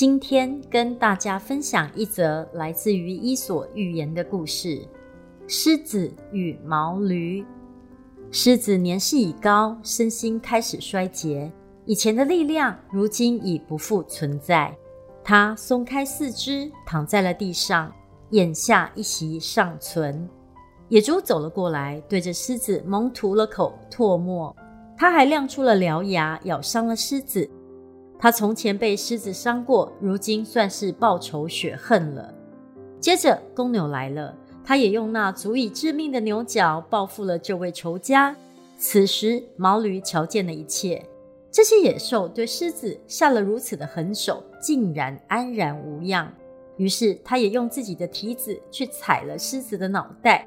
今天跟大家分享一則來自於《伊索寓言》的故事：獅子與毛驢。獅子年事已高，身心開始衰竭，以前的力量如今已不復存在。它鬆開四肢，躺在了地上，眼下一息尚存。野豬走了過來，對着獅子猛吐了口唾沫，它還亮出了獠牙，咬傷了獅子。他從前被獅子傷過，如今算是報仇雪恨了。接着，公牛來了，他也用那足以致命的牛角報復了這位仇家。此時，毛驢瞧見了一切，這些野獸對獅子下了如此的狠手，竟然安然無恙。於是，他也用自己的蹄子去踩了獅子的腦袋。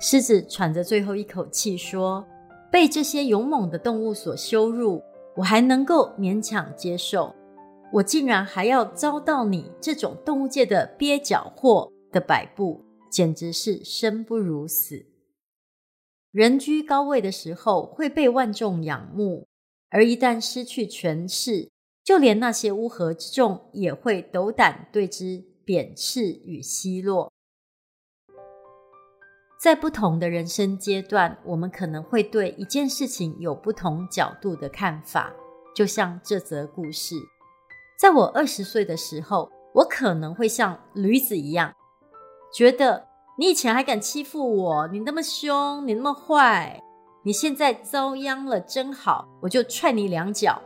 獅子喘着最後一口氣說：“被這些勇猛的動物所羞辱。”我還能夠勉強接受，我竟然還要遭到你這種動物界的蹩腳貨的擺布，簡直是生不如死。人居高位的時候會被萬眾仰慕，而一旦失去權勢，就連那些烏合之眾也會斗膽對之貶斥與奚落。在不同的人生階段，我們可能會對一件事情有不同角度的看法。就像這則故事，在我二十歲的時候，我可能會像驢子一樣，覺得你以前還敢欺負我，你那麼凶，你那麼壞，你現在遭殃了，真好，我就踹你兩腳。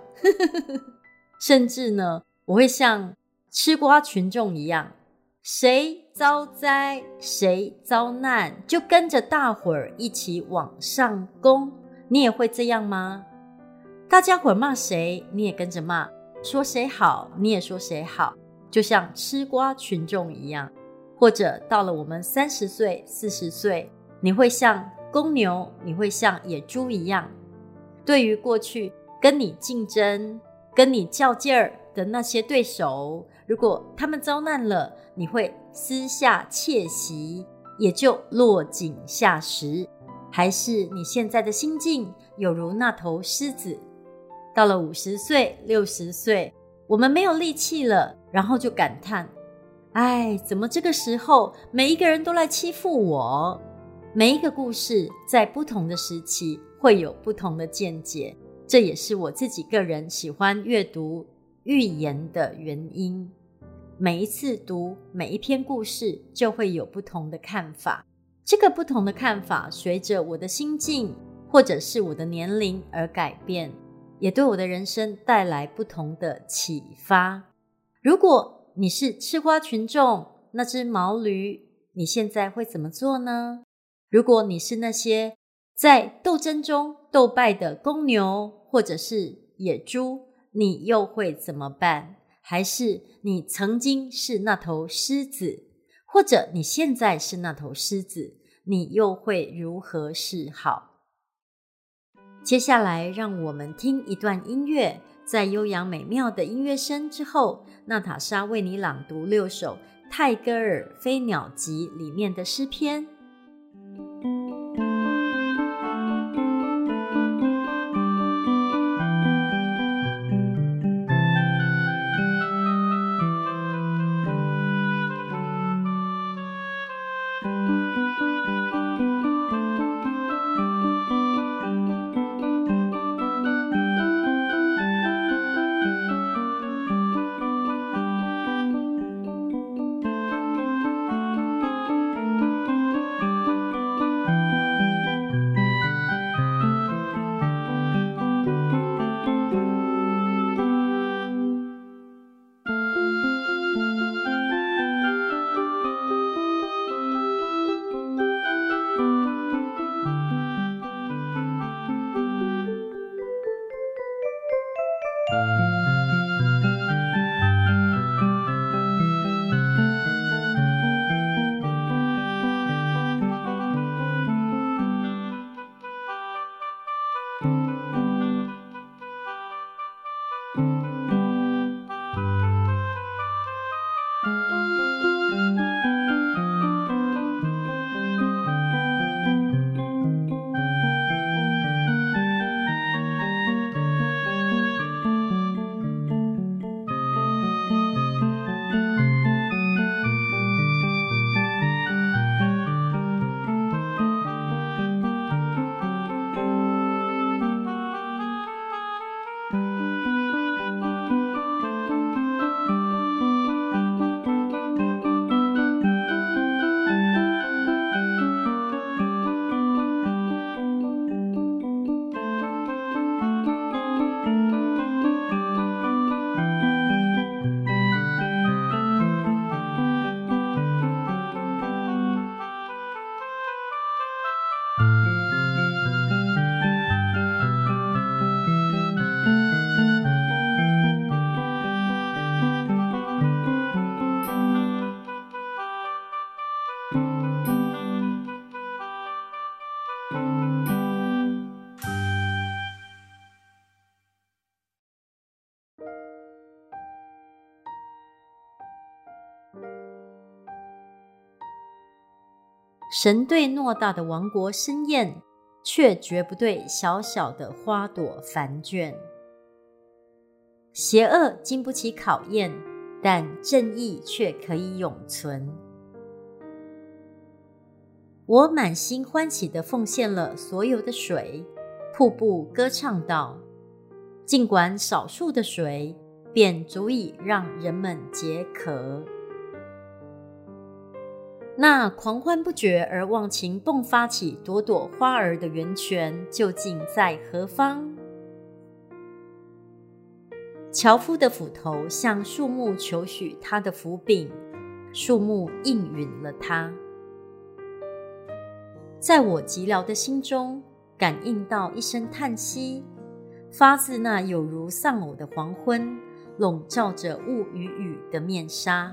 甚至呢，我會像吃瓜群眾一樣。誰遭災，誰遭難，就跟着大夥兒一起往上攻。你也會這樣嗎？大家夥兒罵誰，你也跟着罵；說誰好，你也說誰好，就像吃瓜群眾一樣。或者到了我們三十歲、四十歲，你會像公牛，你會像野豬一樣，對於過去跟你競爭、跟你較勁兒。的那些對手，如果他們遭難了，你會私下竊喜，也就落井下石；還是你現在的心境，有如那頭獅子。到了五十歲、六十歲，我們沒有力氣了，然後就感嘆：“哎，怎麼這個時候每一個人都來欺負我？”每一個故事在不同的時期會有不同的見解，這也是我自己個人喜歡閱讀。寓言的原因，每一次讀每一篇故事，就會有不同的看法。這個不同的看法，隨着我的心境或者是我的年齡而改變，也對我的人生帶來不同的啟發。如果你是吃瓜群眾，那只毛驢，你現在會怎麼做呢？如果你是那些在鬥爭中鬥敗的公牛或者是野豬，你又會怎麼辦？還是你曾經是那頭獅子，或者你現在是那頭獅子，你又會如何是好？接下來讓我們聽一段音樂，在悠揚美妙的音樂聲之後，娜塔莎為你朗讀六首泰戈爾《飛鳥集》裡面的詩篇。神對偌大的王國生厭，卻絕不對小小的花朵煩倦。邪惡經不起考驗，但正義卻可以永存。我滿心歡喜地奉獻了所有的水，瀑布歌唱道：“盡管少數的水，便足以讓人們解渴。”那狂歡不絕而忘情迸發起朵朵花兒的源泉，究竟在何方？樵夫的斧頭向樹木求取他的斧柄，樹木應允了他。在我寂寥的心中，感應到一聲嘆息，發自那有如喪偶的黃昏，籠罩着霧與雨，雨的面紗。